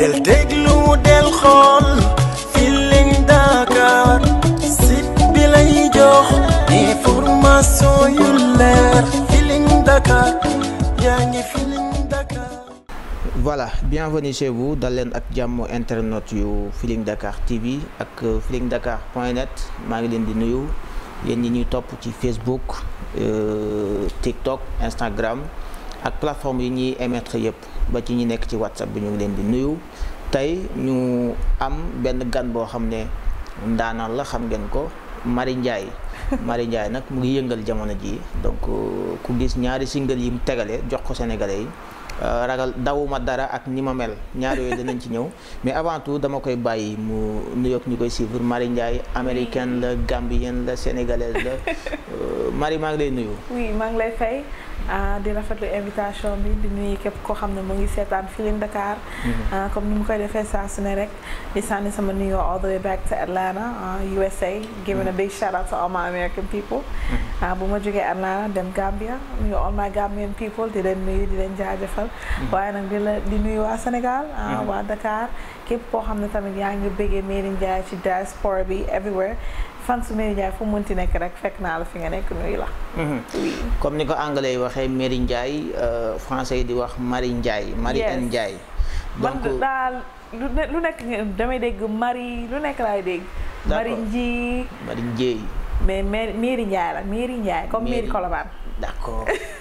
del déglu del xool Feeling Dakar site bi lay jox information yu leer Feeling Dakar yaa ngi Feeling Dakar. voilà bienvenue chez vous dal ak jàmm internet yu Feeling Dakar TV ak Feeling Dakar point net maa ngi leen di nuyu yéen yi ñuy topp ci Facebook euh, TikTok Instagram ak plateforme yi ñuy émettre yëpp. ba ci ñi nekk ci whatsapp bi ñu ngi leen di nuyu tey ñu am benn gan boo xam ne ndaanaan la xam ngeen ko mari Ndiaye mari Ndiaye nag mu ngi yëngal jamono ji donc euh, ku gis ñaari single yi mu tegale jox ko sénégalais yi euh, ragal dawuma dara ak ni ma mel ñaar yooyu dinañ ci ñëw mais avant tout dama koy bàyyi mu nuyoog ñu koy suivre mari Ndiaye américaine la gambienne la sénégalaise la euh, Marie maa ngi lay nuyu. oui maa ngi lay fay. Ah, di rafetlu invitation bi di nuyu képp koo xam ne mu ngi seetaan Feeling Dakar. Mm-hmm. Ah, comme ni mu ko defee saa su ne rek di sànni sama nuyoo all the way back to Atlanta ah, USA. giving a big shout to all my American people. Mm-hmm. bu ma jógee Atlanta dem Gambia nuyu all my Gambian people di leen nuyu di leen jaajëfal. Mm-hmm. waaye nag di la di nuyu waa Sénégal. waa Dakar képp koo xam ne tamit yaa ngi bëggee Made in Ndiaye ci diaspora bi everywhere. fan su Merry Ndiaye fu mu munti nekk rek fekk naa la fi nga nekk nuyu la. Mhm. comme ni ko anglais yi waxee Merry Ndiaye euh, français yi di wax Marie Ndiaye. Marie N Ndiaye. donc daal lu ne lu nekk damay dégg Marie lu nekk laay dégg. Marie Ndiaye Marie Ndiaye. mais Merry Ndiaye la Merry Ndiaye comme Merry Colobane. d'accord.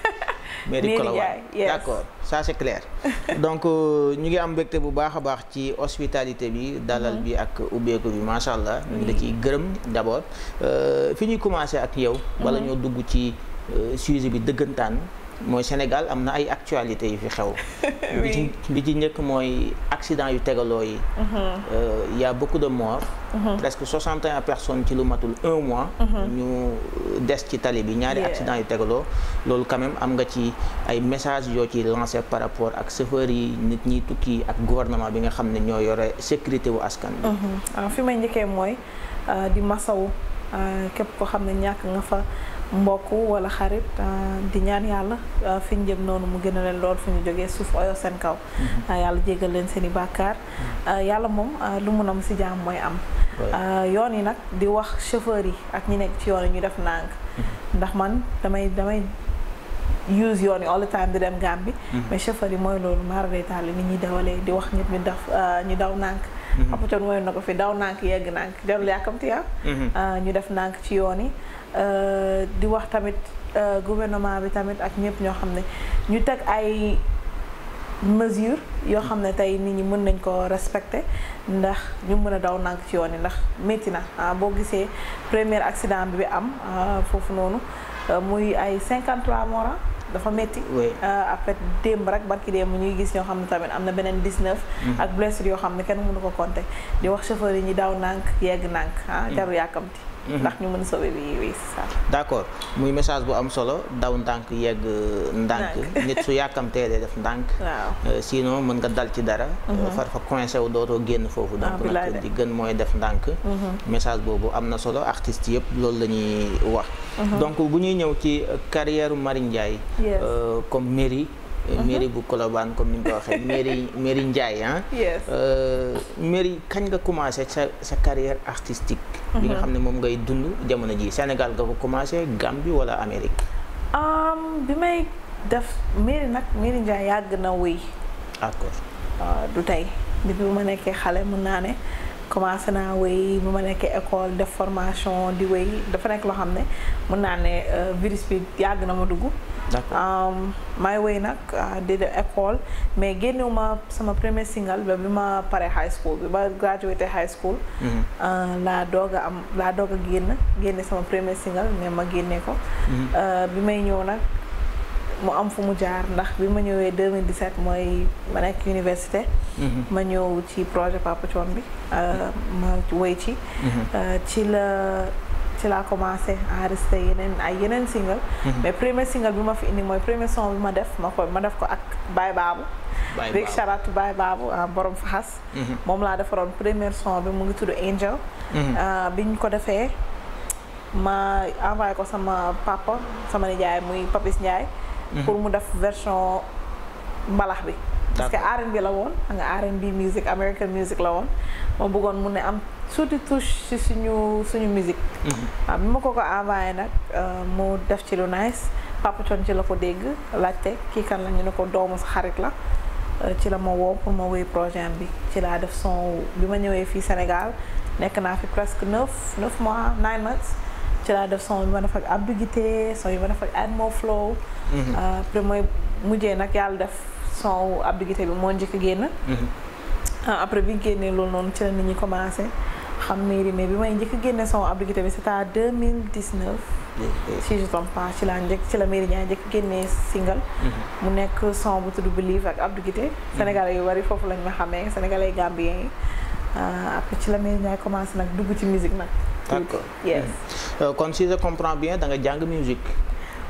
mairie Colobane d'accord ça c'est clair donc euh, ñu ngi am mbégte bu baax a baax ci hospitalité bi dalal mhm. bi ak ubbeeku bi macha allah ñu ngi la ciy gërëm d'abord euh, fi ñuy commencer ak yow wala mhm. ñoo dugg ci euh, suise bi dëggantaan mooy Sénégal am na ay actualité yu fi xew bi ci bi ci njëkk mooy accident yu tegaloo yi uh-huh. euh, y a beaucoup de morts uh-huh. presque soixante et un ci lu matul un mois uh-huh. ñu des ci tali bi ñaari accident yu tegaloo loolu quand même am nga ci ay message yoo ci lancé par rapport ak chauffeur yi nit ñi tukki ak gouvernement bi nga xam ne ñoo yore sécurité wu askan bi fi may njëkkee mooy euh, di masawu euh, képp ko xam ne ñàkk nga fa mbokk wala xarit euh, di ñaan yàlla euh, fi ñu jëm noonu mu gën a leen lool fu ñu jógee suuf oyo seen kaw mm-hmm. euh, yàlla jégal leen seen i bàkkaar mm-hmm. yàlla moom lu mu nam si jaam mooy am yoon yi nag di wax chauffeur yi ak ñi nekk ci yoon yi ñu def nang mm-hmm. ndax man damay damay use yoon yi all the time di dem Gambie mais chauffeur yi mooy loolu maaradaytaal li ni ñuy dawalee di wax nit ñi daf ñu daw nànk aputoon mooy na ko fi daw nànk yegg nànk jarul yàkkamti ah. ñu def nànk ci yoon yi Euh, di wax tamit euh, gouvernement bi tamit ak ñëpp ñoo xam ne ñu teg ay mesure yoo xam ne tey nit ñi mën nañ ko respecter ndax ñu mën a daw nank ci yoon yi ndax métti na ah, boo gisee premier accident bi bi am ah, foofu noonu euh, muy ay 53 morts ah, dafa métti. oui après démb rek barki démb ñuy gis ñoo xam ne tamit am na beneen 19. Mm-hmm. ak blessure yoo xam ne kenn mënu ko compter di wax chauffeur yi ñi daw nànk yegg nànk ah mm-hmm. jaru yàkkamti. ndax ñu mën sauver bi oui c'est ça d'accord muy message bu am solo daw ndànk yegg ndànk nit su yàkkamtee dee def ndànk waaw euh, sinon mën nga dal ci dara mhm. euh, far fa coincé wu dootoo génn foofu ah, donc nag di gën mooy def ndànk mhm. message boobu am na solo artistes yëpp loolu la ñuy wax mhm. donc bu ñuy ñëw ci carrière Marie Ndiaye euh, comme mairie Euh, mairie mhm. bu Colobane comme ni nga ko waxee mairie mairie Ndiaye ah. yes euh, mairie kañ nga commencé sa sa carrière artistique. bi nga mhm. xam ne moom ngay dund jamono ji Sénégal nga ko commencé Gambie wala Amérique. Um, bi may def mairie nag mairie Ndiaye yàgg na wéy. d'accord ah, du tey depuis bu ma nekkee xale mën naa ne. commencé naa wéy bu ma nekkee école def formation di wéy dafa nekk loo xam ne mën naa ne euh, virus bi yàgg na ma dugg. may woy nag di dem école mais génnewu ma sama premier single bi ma pare high school bi ba graduate high school mm-hmm. uh, laa doog am laa doog a génn génne sama premier single mais ma génne ko mm-hmm. uh, bi may ñëw nag mu am fu mu jaar ndax bi ma ñëwee 2017 mooy ma nekk université mm-hmm. ma ñëw ci projet Papa Thione bi uh, ma woy ci ci la ci laa commencé enregistré yeneen ay yeneen single mais mm-hmm. premier single bi ma fi indi mooy premier son bi ma def ma ko ma def ko ak baay Babou big shout out to Baye ah, faxas mm-hmm. moom laa defaroon premier son bi mu ngi tudd Angel mm-hmm. ah, biñ ko defee ma envoyé ko sama papa sama nijaay muy Papis Ndiaye pour mu def version mbalax bi parce que R&B la woon xam nga R&B music American music la woon ma bëggoon mu ne am tuuti touche ci suñu suñu musique mhm. waaw bi ma ko ko envoyé nag euh, mu def ci lu nice Papa Thione ci la ko dégg laajte kii kan la ñu ne ko doomu sa xarit la euh, ci la ma woo pour ma wéy projet am bi ci laa def son bi ma ñëwee fii Sénégal nekk naa fi presque neuf neuf mois nine months ci laa def son bi ma def ak Abdou Guité son yi ma def ak Admo Flow mhm. euh, après mujjee nag yàlla def son Abdou Guité bi moo njëkk génn mhm. ah, après bi génnee loolu noonu ci la nit ñi commencé xam mairie mais bi may njëkk génne son Abdou Guité bi c'était à 2019 si je ne trompe pas ci laa njëkk ci la mairie ñaa njëkk génnee single mhm. mu nekk son bu tudd Believe ak Abdou Guité mhm. sénégalais yu bari foofu lañ ma xamee sénégalais gambien yi ah, après ci la mairie ñaa commencé nag dugg ci musique nag d'accord yes euh, kon si je comprends bien da nga jàng musique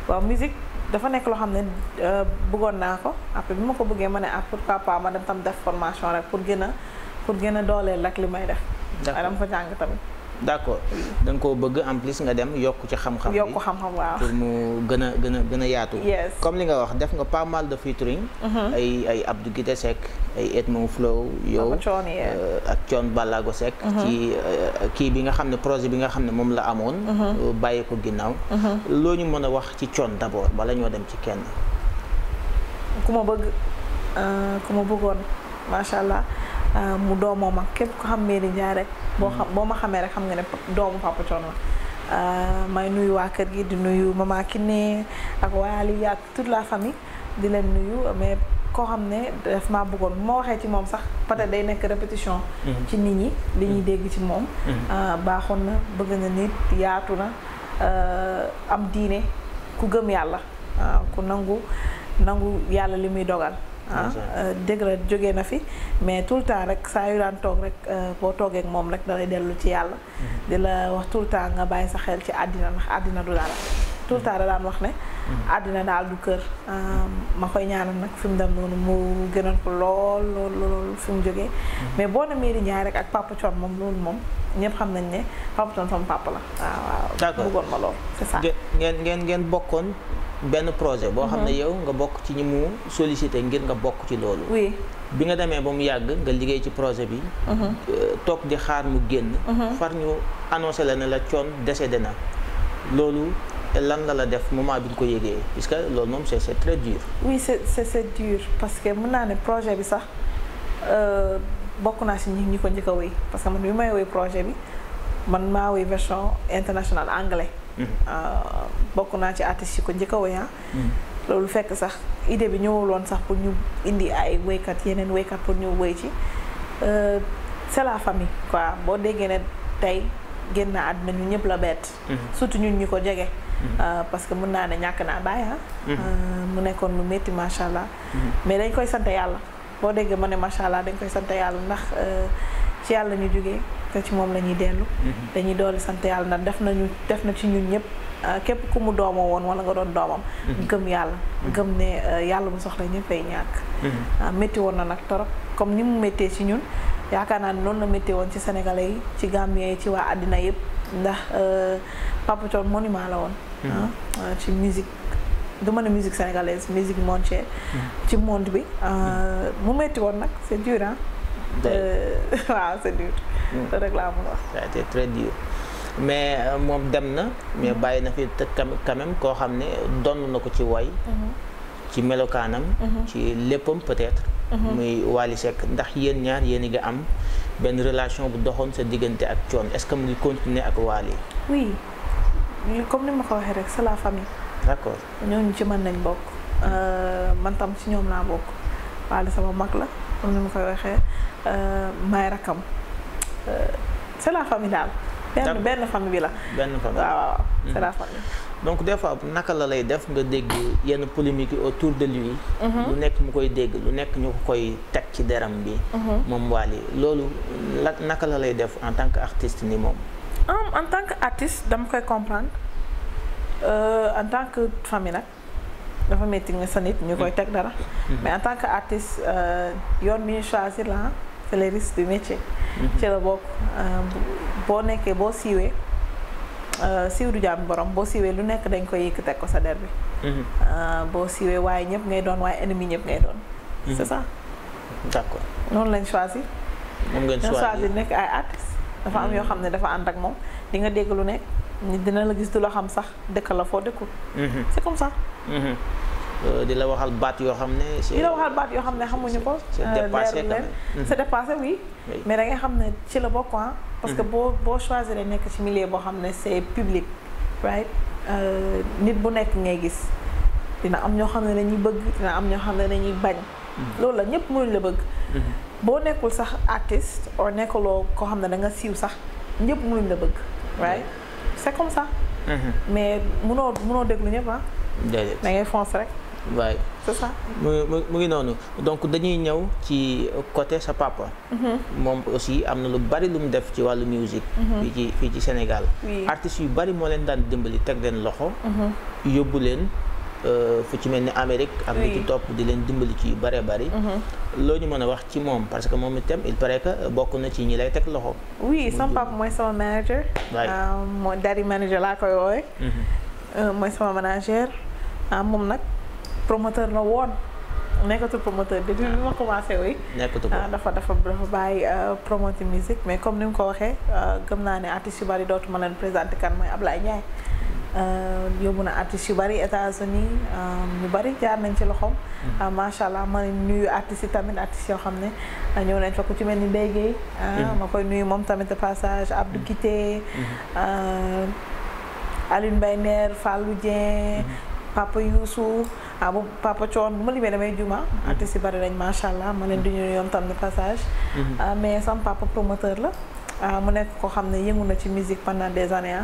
waaw musique dafa nekk loo xam ne euh, bëggoon naa ko après bi ma ko bëggee ma ne ah pourquoi pas ma dem tam def formation rek pour gën pour gën a dooleel rek li may def. dama fa jàng tamit. d'accord da nga koo bëgg en plus nga dem yokk ci xam-xam yokk xam-xam waaw pour mu gën a gën a gën a yaatu. comme li nga wax def nga pas mal de featuring. Mhm. ay ay Abdou Guité Seck ay Edmond Flow yow euh, ak Thione Ballago Seck. Mhm. ci euh, kii bi nga xam ne projet bi nga xam ne moom la amoon. Mhm. Euh, bàyyi ko ginnaaw. loo ñu mën a wax ci Thione d'abord bala ñoo dem ci kenn. ku ma bëgg ku ma bëggoon macha allah. Euh, mu doomoo ma képp ko xam Mary Ndiaye rek boo xam mm. boo ma xamee rek xam nga ne doomu Papa Thione la euh, may nuyu waa kër gi di nuyu Mama Kiné ak Waly ak toute la famille di leen nuyu mais koo xam ne daf maa ma waxee ci moom sax peut mm. day nekk répétition mm. ci nit ñi li ñuy dégg ci moom euh, baaxoon na bëgg na nit yaatu na am diine ku gëm yàlla ku nangu nangu yàlla li muy dogal ah dëgg euh, la jóge na fi mais tout le temps rek saa yu daan toog rek euh, boo toogee moom rek dalay dellu ci yàlla mhm. di la wax tout le temps nga bàyyi sa xel ci àddina ndax àddina du daal tout le mhm. temps da wax ne mhm. àddina daal du kër ma koy ñaanam nag fi mu dem noonu mu gënal ko lool lool lool fi mu jógee mais boo na Mairie Ndiaye rek ak Papa Thione moom loolu moom ñëpp xam nañ ne Papa Thione sama papa la waaw waaw bëggoon ma lool c'est ça ngeen ngeen ngeen bokkoon benn projet boo xam ne mhm. yow nga bokk ci ñi mu sollicité ngir nga bokk ci loolu bi nga demee ba mu yàgg nga liggéey ci projet bi mhm. euh, toog di xaar mu génn mhm. far ñu annoncé la ne la coon décédé na loolu lan la la def moment bi nga ko yégee puisque loolu moom c'est c'est très dur oui c'est c'est dur parce que mun naa ne projet bi sax euh, bokk naa si ñi ñi ko njëkk a parce que man bi may wéy projet bi man maa wéy version internationale anglais Euh, bokk naa ci artistes yi ko njëkk a ah. mm. loolu fekk sax idée bi ñëwuloon sax pour ñu indi ay wéykat yeneen woykat pour ñu woy ci euh, c'est la famille quoi boo déggee ne tey génn na àdduna ñu ñëpp la bett. Mm. surtout ñun ñu ko jege. Mm. Euh, parce que mën naa ne ñàkk naa bàyyi ah. mu nekkoon lu métti macha allah. mais dañ koy sant yàlla boo déggee ma ne macha allah dañ koy sante yàlla ndax ci yàlla ñu jugee. te ci moom la ñuy dellu mm-hmm. dañuy dooli sant yàlla ndax def nañu def na ci ñun ñëpp ah, képp ku mu doomoo woon wala nga doon doomam mm-hmm. gëm yàlla mm-hmm. gëm ne eh, yàlla bu soxla ñëpp ay ñàkk métti ah, woon na nag torop comme ni mu méttee ci ñun yaakaar naa ne noonu la métti woon ci sénégalais yi ci gambien yi ci waa àddina yëpp ndax eh, Papa Thione monument la woon ah, ci musique du mën a musique sénégalaise musique mondiale ci monde bi mu métti woon nag c'est dur ah c'est dur rek laa mën a wax. mais euh, moom dem na. mais mm-hmm. bàyyi na fi te quand même koo xam ne donn na ko ci woy mm-hmm. ci melokaanam. Mm-hmm. ci léppam peut-être. muy Wally sekk ndax yéen ñaar yéen a ngi am benn relation bu doxoon sa diggante ak coon est-ce que mu ngi continuer ak Wally. oui comme ni ma ko waxee rek c'est la famille. d'accord ñooñu ci mën nañ bokk euh, man tam ci ñoom laa bokk Wally sama mag la comme ni ma koy waxee euh, maay rakam. Euh, c'est la daal. benn benn famille bi la. benn famille waaw waaw c'est mhm. la donc des fois naka la lay def nga dégg yenn polémique yi autour de lui. Mhm. lu nekk mu koy dégg lu nekk ñu koy teg ci deram bi. Mhm. moom Wally loolu la naka la lay def en tant que artiste ni moom. en tant que artiste dama koy comprendre euh, en tant que famille nag dafa métti sa nit ñu koy teg dara. mais en tant que artiste euh, yoon bi ñu choisir la c'est bi risques du métier. Mhm. ci la bokk euh, boo nekkee boo siiwee euh, siiw du jaam borom boo siiwee lu nekk dañ koy yëkk teg ko sa der bi. Mhm. Euh, boo siiwee waaye ñëpp ngay doon waaye ennemi ñëpp ngay doon. Mhm. c'est ça. d'accord noonu lañ choisir. moom ngeen choisir nekk ay artistes. dafa am yoo xam ne dafa ànd ak moom di nga dégg lu ne nit dina la gis du la xam sax dëkk la foo dëkkul. c'est comme ça. Euh, di la waxal baat yoo xam ne. di la yoo xam ne xamuñu ko. c'est euh, dépassé quand même hmm. c'est mais da nga xam ne ci la bokk ah. parce que hmm. boo boo choisir nekk ci milieu boo xam ne c'est public. right euh, nit bu nekk ngay gis dina am ñoo xam ne dañuy bëgg dina am ñoo xam ne nañuy bañ. Hmm. loolu la ñëpp mënuñ la bëgg. boo nekkul sax artiste or nekkuloo koo xam ne danga nga siiw sax ñëpp mënuñ la bëgg. right c'est comme ça. mais munoo munoo déglu ñëpp ah. da ngay foncer rek. waay sa ça mu mu ngi noonu donc dañuy ñëw ci côté sa papa mm-hmm. moom aussi am na lu bari lu mu def ci wàllu musique mm-hmm. fii ci fii ci Sénégal artistes yu bari moo leen daan dimbali teg leen loxo mm-hmm. yóbbu leen euh, fu ci mel ni Amérique ak li ci topp di leen dimbali ci yu bare bari loo ñu mën a wax ci moom parce que moom itam il paraît que bokk na ci ñi lay teg loxo oui sama papa mooy sama manager ah, mooy dari manager laa koy woowe euh, mooy sama manager ah, moom nag promoteur la woon nekkatul promoteur bi bi ma commencé woy ah, dafa dafa dafa bàyyi euh, promoter musique mais comme ni mu ko waxee euh, gëm naa ne artistes yu bari dootuma leen présenté kan mooy Ablaye Ndiaye euh, yóbbu na artistes yu bari États-Unis ñu bari jaar nañ ci loxoom. Mm-hmm. macha allah ma nuyu artistes yi tamit artistes yoo xam ne ñëw nañ fa ku ci mel ni Ndeye ah, mm-hmm. ma koy nuyu moom tamit de passage Abdou mm-hmm. Kité Aline Bayner Fallou Dieng papa Youssou abu papa Thione bu ma limee damay juma artistes yi bari nañ macha allah ma leen du ñu yoon tam de passage. Mhm. Ah, mais sam papa promoteur la. Ah, mu nekk koo xam ne yëngu na ci musique pandan des années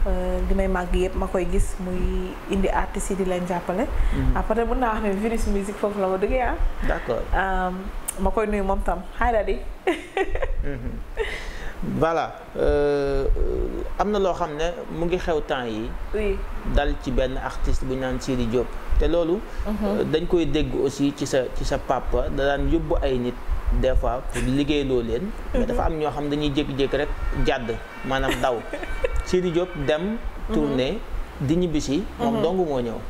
di ah. euh, may màgg yëpp ma koy gis muy indi artistes yi di leen jàppale. Mhm. après mën naa wax ne virus musique foofu la ma dëggee ah. d'accord ma koy nuyu moom tam hi daddy. Mhm. voilà euh, am na loo xam ne mu ngi xew temps yi dal ci benn artiste bu ñu naan Sidi Diop te loolu mhm. euh, dañ koy dégg aussi ci sa ci sa papa da daan yóbbu ay nit des fois pour liggéey loo leen mhm. dafa am ñoo xam ne dañuy jékki-jékki rek jàdd maanaam daw Sidi Diop dem mhm. tournée di ñibbisi moom dong moo ñëw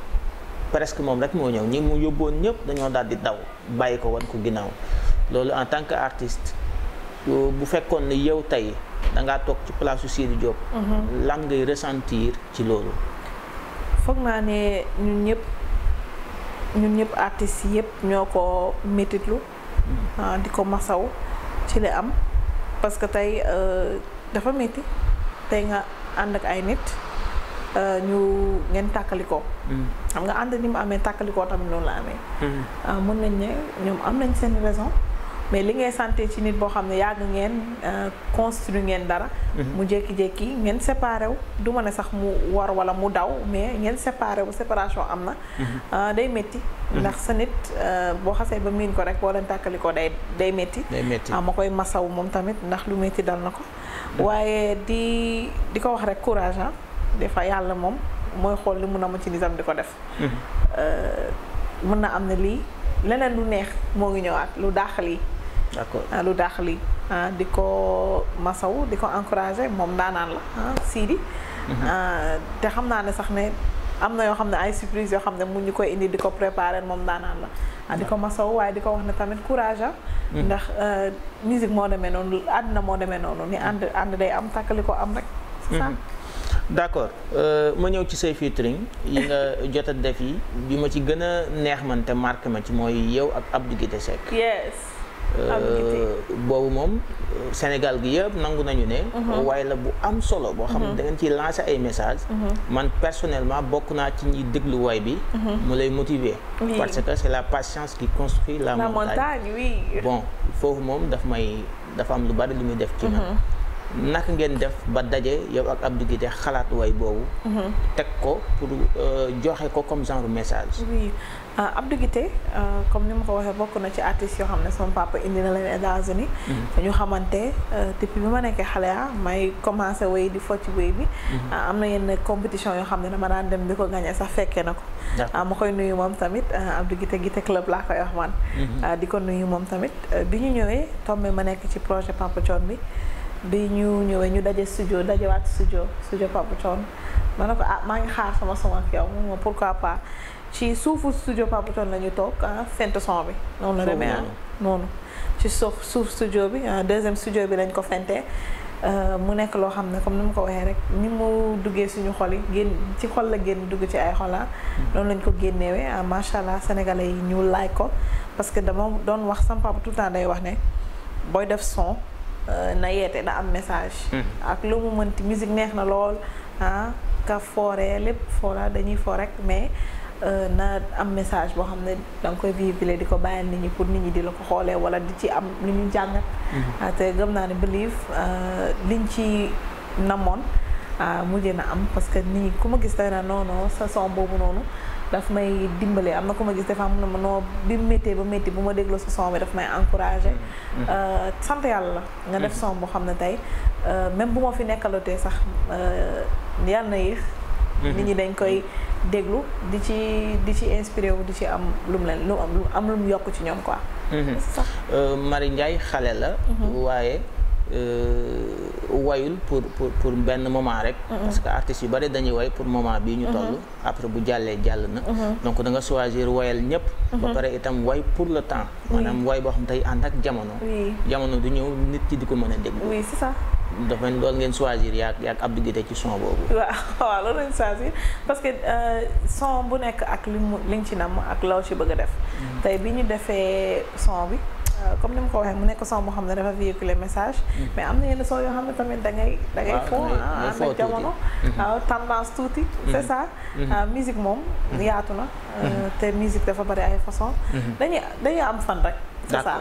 presque moom rek moo ñëw ñi mu yóbboon ñëpp dañoo daal di daw bàyyi ko wan ku ginnaaw loolu en tant que artiste bu fekkoon ne yow tey da toog ci place su Sidi Diop. Mhm. lan ngay ressentir ci loolu. foog naa ne ñu ñëpp ñu ñëpp artistes yëpp ñoo ko métitlu hmm. ah, di ko masaw ci li am parce que tey euh, dafa métti tey nga ànd ak ay nit euh, ñu ngeen tàkkalikoo hmm. xam nga ànd ni mu amee tàkkalikoo tamit noonu la amee. mën hmm. ah, nañ ne ñoom am nañ seen raison. mais li ngay santé ci nit boo xam ne yàgg ngeen euh, construit ngeen dara. Mhm. mu jékki-jékki ngeen séparé wu du ma ne sax mu war wala mu daw mais ngeen séparé wu séparation am na. Mhm. Euh, day métti. Mhm. ndax sa nit euh, boo xasee ba miin ko rek boo leen tàkkali ko day day métti. day métti ah, ma koy masaw moom tamit ndax lu métti dal na ko. waaye di di ko wax rek courage ah fois yàlla moom mooy xool li mun a ma ci nisam di ko def. mën na am na lii leneen lu neex moo ngi ñëwaat lu daax lii. d'accord ah, lu daax li ah, di ko masaw di ko encouragé moom daanaan la ah, Sidi mhm. te xam naa ne sax ne am na yoo xam ne ay surprise yoo xam ne mu ñu koy indi di ko préparer moom ndaanaan la di ko masaw waaye di ko wax ne tamit courage a mhm. ndax euh, musique moo demee noonu àddina moo demee noonu ni ànd mhm. ànd day am tàkkali ko am rek c'est ça d'accord euh, ma ñëw ci say featuring yi nga jot a def yi bi ma ci gën a neex man te marqué ma ci mooy yow ak Abdou Guité Euh, ah, boobu moom Sénégal gi yëpp nangu nañu ne mhm. waaye la bu am solo boo xam ne mhm. da ngeen ciy lancer ay message mhm. man personnellement bokk naa ci ñuy déglu waay bi mu lay motiver parce que c'est la patience qui construit la montagne bon foofu moom daf may dafa am lu bari lu muy def ci man naka ngeen def ba daje yow ak Abdou Guité xalaat way boobu teg ko pour euh, joxe ko comme genre message Euh, Abdou Guité euh, comme ni ma ko waxee bokk na ci artistes yoo xam ne sama papa indi na leen États-Unis mhm. ñu xamante euh, depuis bi ma nekkee xale ah may commencé wéy di focc wéy bi mhm. ah, am na yenn compétition yoo xam ne dama daan dem di ko gagné sax fekkee na ko ah, ma koy nuyu moom tamit Abdou Guité Guité club laa koy wax man mhm. ah, di ko nuyu moom tamit bi ñu ñëwee tombé ma nekk ci projet Papa Thione bi bi ñu ñëwee ñu daje studio dajewaat studio studio Papa Thione ma a ko maa ngi xaar sama son ak yow ma pourquoi pas ci suufu studio Pape Thione la ñu toog ah fent son bi. noonu la demee ah, noonu. ci suuf suuf studio bi ah, deuxième studio bi nañ ko fente euh, mu nekk loo xam ne comme ni mu ko waxee rek ni mu duggee suñu xol yi génn ci xol la génn dugg ci ay xolaa ah. hmm. noonu lañ ko génnee ah macha allah sénégalais yi ñu laaj ko parce que dama doon wax sama papa temps day wax ne booy def son euh, na yeete da am message. Hmm. ak lu mu mënti musique neex na lool ah ka fooree lépp foora dañuy foo rek mais. Euh, na am message boo xam ne da nga koy véhiculer di ko bàyyil nit ñi pour nit ñi di la ko xoolee wala di ci am lu ñu jàngat. Mm-hmm. Ah, te gëm naa ne believe euh, liñ ci namoon ah, mujj na am parce que nit ñi ku ma gis tey na non non sa son boobu noonu daf may dimbalee am na ku ma gis dafa am na ma noo bi méttee ba métti bu ma dégloo sa son bi daf may encouragé. Mm-hmm. Euh, sant yàlla la nga def mm-hmm. son boo xam ne tey même bu ma fi nekkalotee sax yàlla na yéex. nit ñi dañ koy. déglu di ci di ci inspiré wu di ci am lum leen lu am lu am lum yokk ci ñoom quoi. Mm-hmm. Euh, Marie Ndiaye xale la. Mm-hmm. waaye. Euh, wayul pour pour pour benn moment rek. Mm-hmm. parce que artistes yu bari dañuy way pour moment bi ñu toll. Mm-hmm. après bu jàllee jàll na. Mm-hmm. donc danga nga choisir wayal ñëpp. ba pare itam way pour le temps. maanaam way boo xam tey ànd ak jamono. jamono du ñëw nit ki di ko mën a déglu. oui c'est ça. dafa mel loolu ngeen choisir yaa yaa Abdou Guité ci son boobu. waaw waaw loolu lañ choisir parce que euh, son bu nekk ak li mu li ci nam ak law ci bëgg a def. tey bi ñu defee son bi. Euh, comme ni ma ko waxee mu nekk son boo xam ne dafa véhiculer message. Mm-hmm. mais am na yenn son yoo xam ne tamit da ngay. da ngay foo ah, ah am na jamono. Mm-hmm. Ah, tendance tuuti. Mm-hmm. c'est ça. Ah, musique moom. yaatu na. Euh, te musique dafa bari ay façon dañuy dañuy am fan rek. c'est ça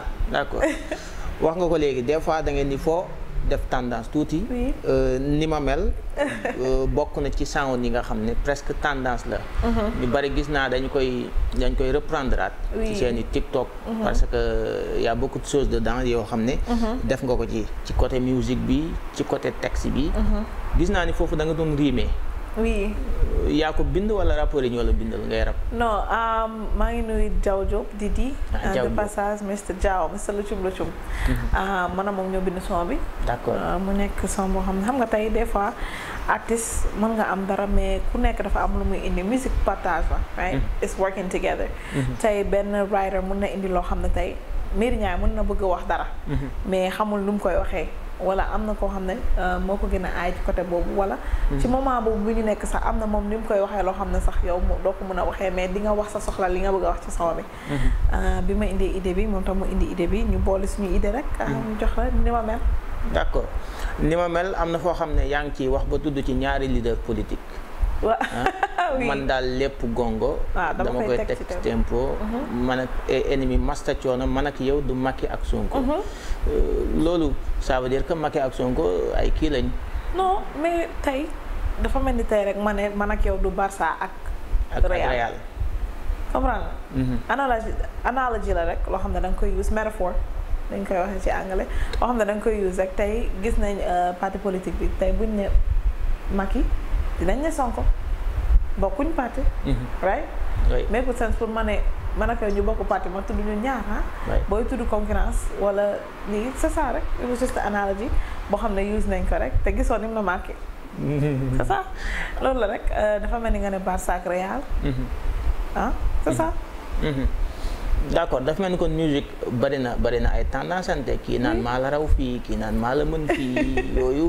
wax nga ko léegi des fois da ngeen di foo. def tendance tuuti. Euh, ni ma mel. Euh, bokk na ci sound yi nga xam ne presque tendance la. Uh-huh. ñu bari gis naa dañu koy dañ koy reprendre ci seen i TikTok. Uh-huh. parce que y a beaucoup de choses dedans yoo xam ne. Uh-huh. def nga ko ci ci côté musique bi ci côté texte bi. gis naa ni foofu da doon riime. oui. yaa ko bind wala rapport yi ñoo la bindal ngay rap. non maa ngi nuyu Diaw Diop di ah euh, de passage Mr Diaw Mr Luchum Luchum. Mhm. Ah, man a moom ñoo bind son bi. d'accord euh, mu nekk son boo xam ne xam nga tey des fois artiste mën nga am dara mais ku nekk dafa am lu muy indi musique partage la. right mhm. it's working together. Mhm. tey benn writer mën na indi loo xam ne tey Mary Ndiaye mën na bëgg wax dara. mais xamul nu mu koy waxee. wala am na koo xam ne euh, moo ko gën a ay ci côté boobu wala mm-hmm. ci moment boobu bi ñu nekk sax am na moom ni mu koy waxee loo xam ne sax yow doo ko mën a waxee mais di nga wax sa soxla li nga bëgg a wax ci sama bi mm-hmm. euh, bi ma indee idée bi moom tam mu indi idée bi ñu boole suñu idée rek ah, mm-hmm. ñu jox la ni ma mel d'accord ni ma mel am na foo xam ne yaa ngi ciy wax ba tudd ci ñaari leader politique waa ah, man daal lépp gongo. dama koy teg ci tempo mhm. man ak e, ennemi masta coono man ak yow du Macky ak Sonko. Mhm. Euh, loolu ça veut dire que Macky ak Sonko ay kii lañ. non mais tey dafa mel ni tey rek ma man ak yow du Barça ak. ak Real comprendre mhm. analogie analogie la rek loo xam ne da koy use metaphor dañ koy waxee ci anglais loo xam ne da koy use rek tey gis nañ euh, parti politique bi tey buñ ne Macky dinañ ne Sonko bokkuñ parti mhm. right mais pour sens pour ma ne man ak ñu bokk parti ma tudd ñu ñaar ah booy tudd concurrence wala lii c'est ça rek it was just analogy boo xam ne use nañ ko rek te gisoo ni mu la marqué mhm. c'est loolu la rek euh, dafa mel ni nga ne Barça ak Real mhm. ah c'est d'accord dafa mel ni kon musique bari na bari na ay tendance ante kii naan hmm. maa la raw fii kii naan maa la mën fii yooyu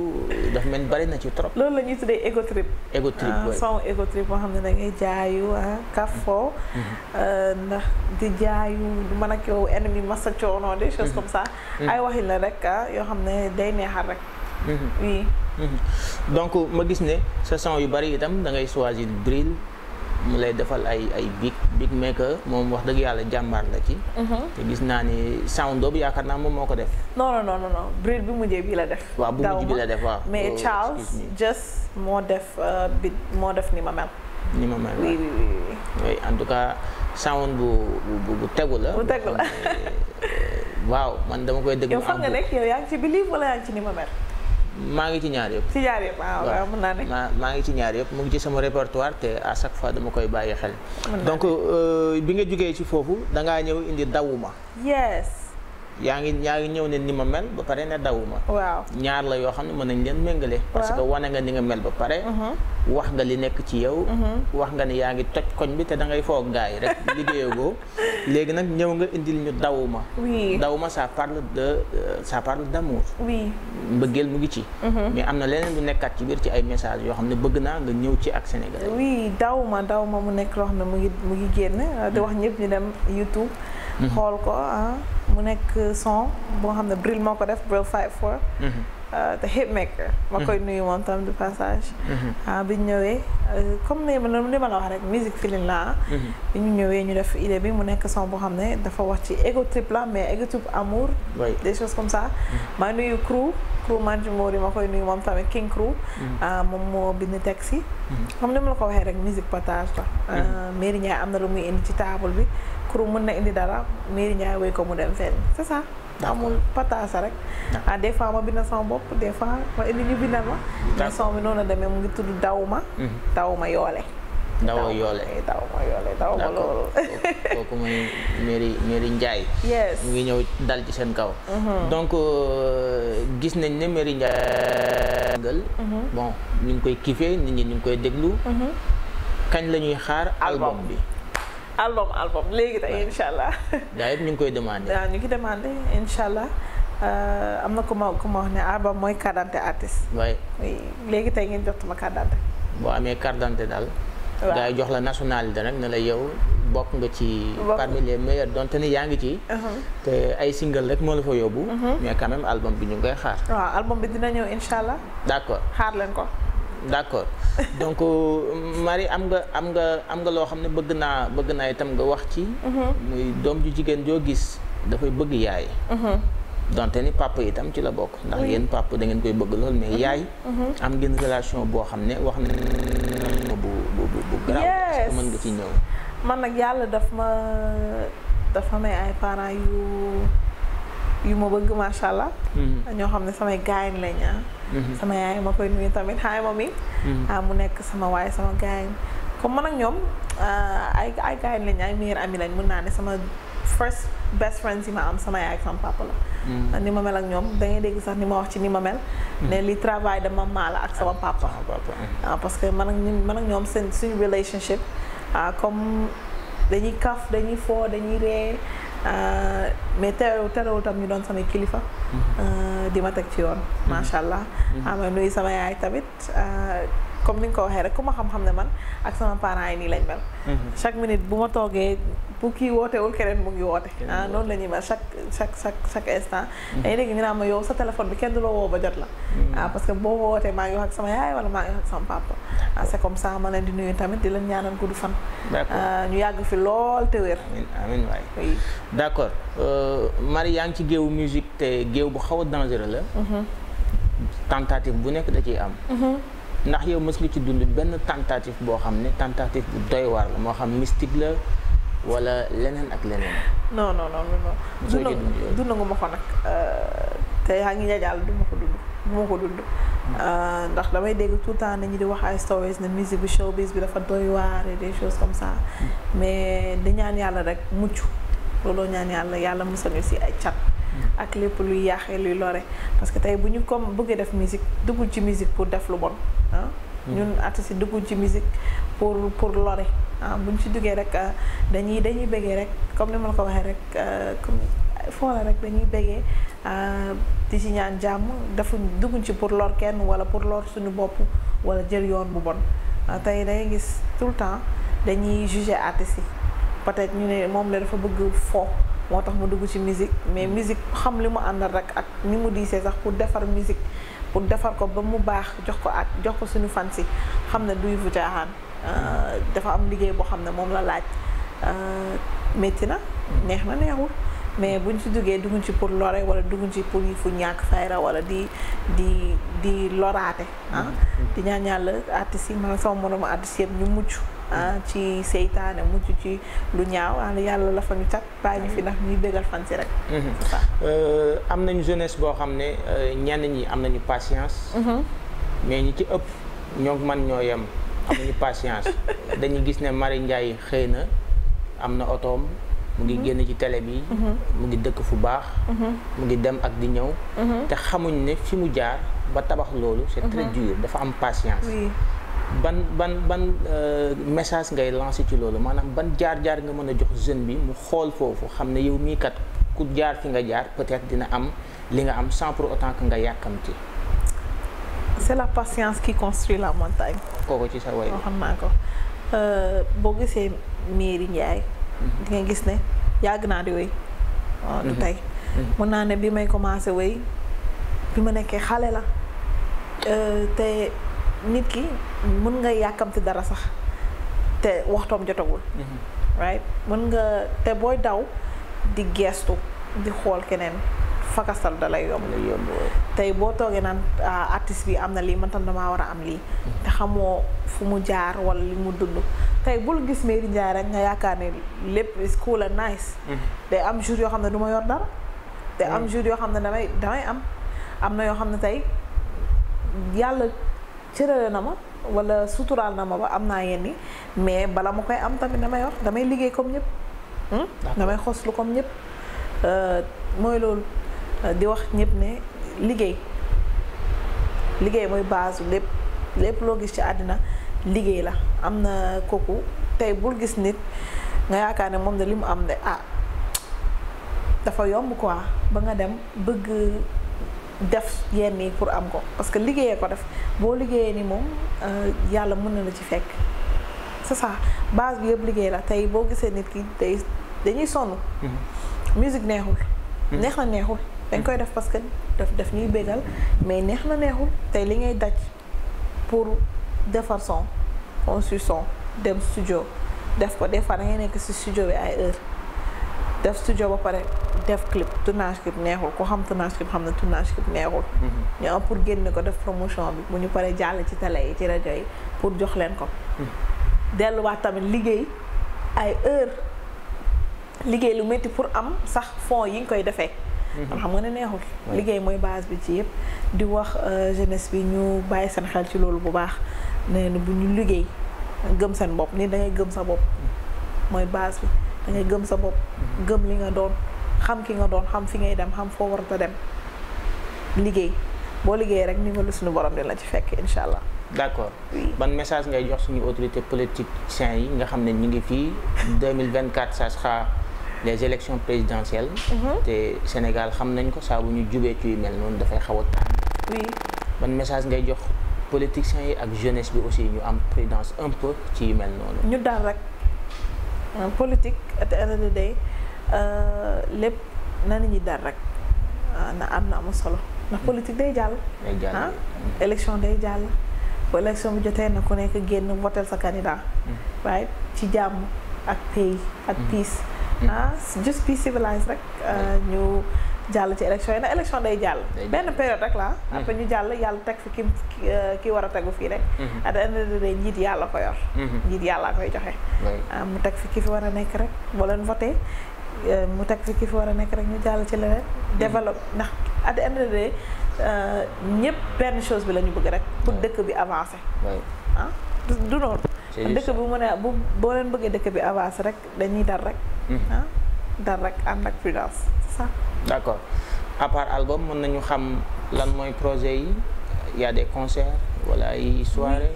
dafa mel ni bari na ci trop. loolu la ñuy tuddee ego trip. ego trip booy ah, son ego trip boo xam ne da ngay jaayu ah kafo. Hmm. Euh, ndax di jaayu man ak yow ennemi masa hmm. ay waxin la rek ah, yoo xam ne day neexal rek. donc ma gis ne sa son yu bari itam da ngay choisir drill. mu lay defal ay ay big big maker moom wax dëgg yàlla jàmbaar la ci. Mhm. te gis naa ni sound boobu yaakaar naa moom moo ko def. non non non non bril bi mujjee bi la def. waaw bu mujj bi la def waaw. mais oh, Charles just moo def euh, bit moo def ni ni ma tout cas sound bu bu la. bu tegu la euh, waaw man dama koy déglu. yow fan nga yaa ngi ci believe wala yaa ngi ci ni ma mel. maa ngi ci ñaar yëpp. ci ñaar yëpp waaw naa ne. maa ngi ci ñaar yëpp mu ngi ci sama répertoire te à chaque fois dama koy bàyyi xel. donc euh, bi nga jógee ci foofu da ñëw indi dawuma. yes. yaa ngi yaa ngi ñëw ne ni ma mel ba pare ne dawuma ñaar la yoo xam ne mën nañ leen méngale parce que wane nga ni nga mel ba pare mhm. wax nga li nekk ci yow mhm. wax nga ne yaa ngi toj koñ bi te da ngay foog gaay rek liggéeyagoo léegi nag ñëw nga indil ñu dawuma dawuma ça parle de sa euh, parle d'amour oui mbëggeel mu ngi ci mhm. mais am na leneen lu nekkaat ci biir ci ay message yoo xam ne bëgg naa nga ñëw ci ak Sénégal oui dawuma dawuma mu nekk loo xam ne mu ngi mu ngi génn di hmm. wax ñëpp Mm-hmm. xool ko ah mu nekk son boo xam ne Bril moo ko def Bril 54. Mm-hmm. Ah, te hitmaker ma mm-hmm. koy nuyu moom tam du passage ah bi ñu ñëwee euh, comme ni li ma la wax rek musique feeling la ah. bi ñu ñëwee ñu def idée bi mu nekk son boo xam ne dafa wax ci ego trip la mais ego trip amour des choses comme ça maa nuyu crew crew manji moor yi ma koy nuyu moom tamit king crew ah, moom moo bind taxi comme ni ma la ko waxee rek musique potage la Mary Ndiaye am na lu muy indi ci table bi crew mën na indi dara Mary Ndiaye wéy ko mu dem fenn c'est ça. amul pataasa rek. ah des fois ma bindal sama bopp des fois ma indi ñu bindal ma. mais son bi noonu demee mu ngi tudd Dawma. Mhm. Dawma yoole. Dawma yoole eh, Dawma yoole Dawma loolu. kooku mooy Mary Mary Ndiaye. yes mu ngi ñëw dal ci seen kaw. Mhm. donc euh, gis nañ ne Mary Ndiaye. Mhm. bon ñu ngi koy kiffee nit ñi ñu ngi koy déglu. kañ la ñuy xaar album bi. album album léegi tey incha allah. daa yëpp ñu ngi koy demandé. waaw ñu ngi demandé incha allah euh, am na ku ma ku ma wax ne album mooy carte d'identité artiste. léegi tey ngeen jot ma carte d'identité. boo amee carte daal. waaw jox la nationalité nag ne la yow bokk nga ci. parmi les meilleurs donte ni yaa ngi ci. Uh-huh. te ay single rek moo la fa yóbbu. Uh-huh. mais quand même album bi ñu ngi koy xaar. waaw album bi dina ñëw incha allah. d' accord xaar leen ko. d'accord donc euh, Marie am nga am nga am nga loo xam ne bëgg naa bëgg naa itam nga wax ci. Mhm. muy doom ju jigéen joo gis dafay bëgg yaay. Mhm. donte ni papa itam ci la bokk. ndax yéen papa da ngeen koy bëgg lool mais mhm. yaay. am ngeen relation boo xam ne wax nañu bu bu bu bu garaaw. est-ce que mën nga ci ñëw. man nag yàlla daf ma dafa may ay parents yu yu ma bëgg macha allah. ñoo xam ne samay gaañ lañ ah. Mm-hmm. sama yaay ma koy nuyu tamit hi mami mm-hmm. ah mu nekk sama waay sama gaañ comme man ak ñoom ah, ay ay gaañ lañ ay meilleur ami lañ mun naa ne sama first best friends yi ma am sama yaay ak sama papa la mm-hmm. ah, ni ma mel ak ñoom da ngay dégg sax ni ma wax ci ni ma mel ne li travail de maman ak sama papa ah, parce que man ak man ak ñoom seen suñu relationship ah comme dañuy kaf dañuy foo dañuy ree Uh, mais teew terewul tam ñu doon samay kilifa. di ma teg ci yoon. macha allah. ma nuyu sama yaay tamit. comme ni nga ko waxee rek ku ma xam ne man ak sama parents yi nii lañ mel. Mhm. chaque minute bu ma toogee bu kii wootewul keneen mu ngi woote. ah noonu la ñuy mel chaque chaque chaque chaque instant. dañuy mhm. dégg ñu naan ma yow sa téléphone bi kenn du la woo ba jot la. Mhm. ah parce que boo wootee maa ngi wax ak sama yaay wala ah, comme ça ma leen di nuyu tamit di leen ñaanal gudd fan. Ah, ñu yàgg fi lool te wér. amiin waay d'accord euh, yaa ngi ci géewu musique te géew bu xaw a la. tentative bu nekk da am. ndax yow mës nga ci dund benn tentative boo xam ne tentative bu doy waar la moo xam mystique la wala leneen ak leneen. non non non non. dund dund nga ma ko euh, te yaa ngi ñajaal du ko dund du ma ko dund. Euh, ndax damay dégg tout le temps nañu di wax ay stories ne musique bi showbiz bi dafa doy waar et des choses comme ça hmm. mais di ñaan yàlla rek mucc looloo ñaan yàlla yàlla musal ñu si ay cat. ak lépp luy yàqee luy lore parce que tey bu ñu comme bëggee def musique duggul ci musique pour def lu bon ah hmm. ñun artistes yi dugguñ ci musique pour pour lore ah. bu ñu ci duggee rek ah, dañuy dañuy bëggee rek comme ni ma la ko waxee rek ah, comme foola rek dañuy bëggee di ci ñaan jàmm defuñ dugguñ ci pour lor kenn wala pour lor suñu bopp wala jël yoon bu bon tey dangay gis tout le temps dañuy juger artistes yi peut-être ñu ne moom la dafa bëgg fo moo tax mu dugg ci musique mais mm. musique xam li mu àndal rek ak ni mu diisee sax pour defar musique pour defar ko ba mu baax jox ko ak jox ko suñu fan si xam ne du duy fu caaxaan dafa am liggéey boo xam ne moom la laaj euh, métti na mm. neex na neexul mais mm. buñ si duggee dugguñ ci pour lore wala dugguñ ci pour yi fu ñàkk fayra wala di di di loraate ah. di ñaan yàlla artistes yi man sama moromu artistes yëpp ñu mucc Ah, ci seytaane mujj ci lu ñaaw ah yàlla la fa ñu cat bàyyi ñu fi ndax ñuy dëggal fan si rek. Mhm. Euh, am nañu jeunesse boo xam ne euh, ñenn ñi am nañu patience. Mhm. mais ñi ci ëpp ñoo man ñoo yem amuñu patience dañuy gis ne Marie Ndiaye xëy na am na otoom. mu ngi mhm. génn ci télé bi. mu ngi dëkk fu baax. mu ngi dem ak di ñëw. te xamuñ ne fi mu jaar ba tabax loolu. c'est très dafa am patience. ban ban ban euh, message ngay lancé ci loolu maanaam ban jaar-jaar nga mën a jox jeune bi mu xool foofu xam ne yow mii kat ku jaar fi nga jaar peut dina am li nga am sans pour autant que nga yàkkamti. c'est la patience qui construit la montagne. kooku ci sa way. Oh, xam naa ko euh, boo gisee Mary mhm. gis ne yàgg naa oh, mhm. Mhm. ne bi may commencé wéy bi nekkee xale la euh, te. nit ki mën nga yàkkamti dara sax te waxtoom jotagul. Mm-hmm. right mën nga te booy daw di geestu di xool keneen fakasal da lay yomb. tey boo toogee naan ah, artiste bi am na lii mantam tam damaa war a am lii. Mm-hmm. te xamoo fu mu jaar wala li mu dund tey bul gis Mary Ndiaye rek nga yaakaar ne lépp is cool and nice. Mm-hmm. day am jour yoo xam ne duma yor dara. te am jour yoo xam ne damay damay am am na yoo xam ne tey yàlla. cërale na ma wala suturaal na ma ba am naa yenni mais bala ma koy am tamit damay wax damay liggéey comme ñëpp hmm? damay xoslu comme ñëpp euh, mooy loolu euh, di wax ñépp ne liggéey liggéey mooy base lépp loo gis ci àddina liggéey la am na kooku tey bul gis nit nga yaakaar ne moom de li mu am de ah dafa yomb quoi ba nga dem bëgg def yenn yi pour am ko parce que liggéeyee ko def boo liggéeyee ni moom euh, yàlla mën na la ci fekk c'est ça base bi yëpp liggéey la tey boo gisee nit ki tey dañuy sonn mm-hmm. musique neexul mm-hmm. neex na neexul dañ koy def parce que daf def ñuy bégal mais neex na neexul tey li ngay daj pour defar son on suit son dem studio def ko des fois da ngay nekk si studio bi ay heure def studio ba pare def clip tournage clip neexul ku xam tournage clip xam na tournage clip neexul. ñu am mm-hmm. pour génne ko def promotion bi bu ñu paree jàll ci télé yi ci rajo yi pour jox leen ko. Mm-hmm. delluwaat tamit liggéey ay heure liggéey lu métti pour am sax fonds yi nga koy defee. Mm-hmm. xam nga ne neexul. liggéey mooy base bi ci yëpp. di wax euh, jeunesse bi ñu bàyyi seen xel ci loolu bu baax nee na bu ñu liggéey gëm seen bopp ni da gëm sa bopp mooy base bi da gëm sa bopp gëm li nga doon. xam ki nga doon xam fi ngay dem xam foo war a dem liggéey boo liggéey rek ndimbalu suñu borom dina la ci fekk incha allah. d'accord man message ngay jox suñu autorité politique politiciens yi nga xam ne ñu ngi fii 2024 ça sera les élections présidentielles. Mhm. te Sénégal xam nañ ko saa bu ñu jubee ci yu mel noonu dafay xaw a tàng. oui ban message ngay jox politiciens yi ak jeunesse bi aussi ñu am prudence un peu ci yu mel noonu. ñu daal rek politique at the end Euh, lépp na nit ñi dal rek ah, na am na amul solo ndax politique day jàll. day jàll ah, day jàll. bu élection bi jotee na ku nekk génn votel sa candidat. Hmm. waaye ci jàmm ak pays ak hmm. peace. Hmm. ah juste peace civilise rek ah, ñu jàll ci élection yi na élection day jàll. benn période rek la après ñu jàll yàlla teg fi ki euh, war a tegu fii rek. at indi njiit yàlla ko yor. njiit yàlla koy joxe. mu teg fi ki fi war a nekk rek boo leen voté mu teg fi ki fi war a nekk rek ñu jàll ci leneen. Mm-hmm. développe ndax at the end of euh, ñëpp benn chose bi la ñu bëgg rek pour dëkk bi avancé ah du noonu. dëkk bi mu ne boo leen bëggee dëkk bi avancer rek dañuy dar rek. Mm-hmm. ah dar rek am ak prudence ça. d' accord à part album mën nañu xam lan mooy projet yi y a des concerts wala ay soirées.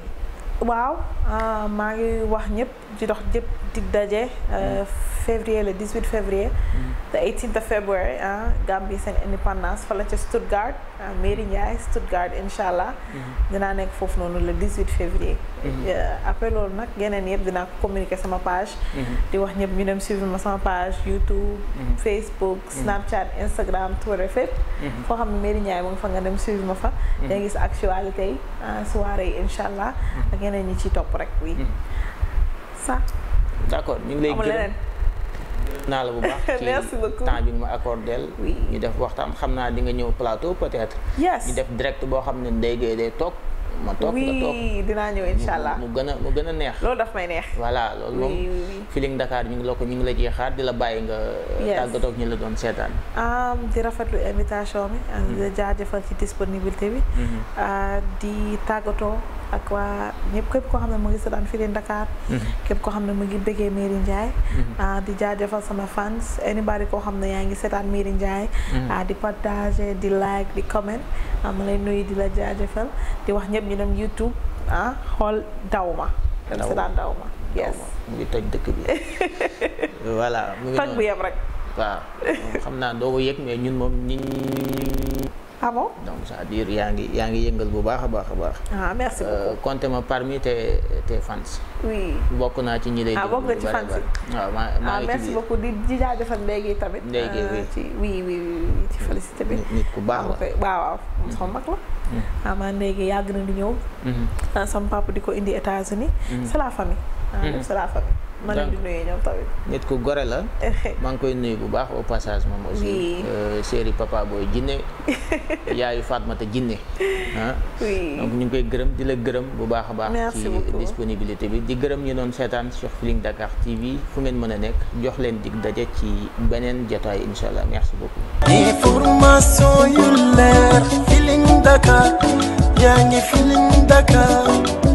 waaw euh, maa ngi wax ñëpp di dox jëpp. dig daje. Euh, février le 18 février. Mm-hmm. the 18th of February ah Gambie seen indépendance fala ca Stuttgart ah Mairie Ndiaye Stuttgart incha allah. Mm-hmm. dinaa nekk foofu noonu le 18 février. Mm-hmm. Euh, après loolu nag yeneen yëpp dinaa ko communiquer sama page. di wax ñëpp ñu dem suivre ma sama page YouTube. Facebook Snapchat Instagram Twitter fépp. foo xam ne Mairie Ndiaye mu ngi fa nga dem suivre ma fa. day gis actualité yi ah, soirée yi incha allah. ak yeneen ñi ci topp rek oui d' accord ñu ngi lay gërëm naa la bu baax merci beaucoup temps bi ñu ma accordé ñu def waxtaan xam naa di nga ñëw plateau peut être yes ñu def direct boo xam ne Ndeye Gueye day toog ma toog nga toog dinaa ñëw incha allah mu gën a mu gën a neex loolu daf may neex voilà loolu moom Feeling ndakaar ñu ngi la ko ñu ngi la jeexaat di la bàyyi nga tàggatoog ñu la doon seetaan di rafetlu invitation bi di mhm. jaajëfal ci disponibilité bi mhm. ah, di tàggatoo ak waa ñëpp képp koo xam ne mu ngi seetaan fii leen Dakar mhm. képp koo xam ne mu ngi bëggee Mary Ndiaye mhm. ah di jaajëfal sama fans anybody koo xam ne yaa ngi seetaan miiri Ndiaye mhm. ah di partager di like di comment ah, ma lay nuyu di la jaajëfal di wax ñëpp ñu dem YouTube ah xool Dawma dem seetaan Dawma yes mu ngi toj dëkk bi voilà mu ngi toj bu yem rek waaw xam naa doo ko yëg mais ñun moom ñi ah donc cest à yaa ngi yaa ngi yëngal bu baax a baax a baax. ah merci euh, beaucoup compté ma parmi tes fans. bokk naa ci ñi lay. ah bokk nga ci fans waaw maa maa ah, merci beaucoup di di jaajëfal léegi tamit. léegi euh, ci oui oui ci félicité bi. nit ku baax ah, la waaw waaw mm-hmm. sama mag mm-hmm. ah, maa léegi yàgg na di ñëw. Mm-hmm. sama di ko indi États-Unis c'est la famille. c'est ma leen di nit ku gore la. maa ngi koy nuyu bu baax au passage moom aussi. séeri euh, papa booy jinne yaayu Fatmata jinne ah. donc ñu ngi koy gërëm di la gërëm bu baax a baax. ci disponibilité bi di gërëm ñu doon seetaan sur Feeling Dakar TV fu ngeen mën a nekk jox leen dig daje ci beneen jotaay incha allah merci beaucoup. information yu leer Feeling Dakar yaa ngi Feeling Dakar.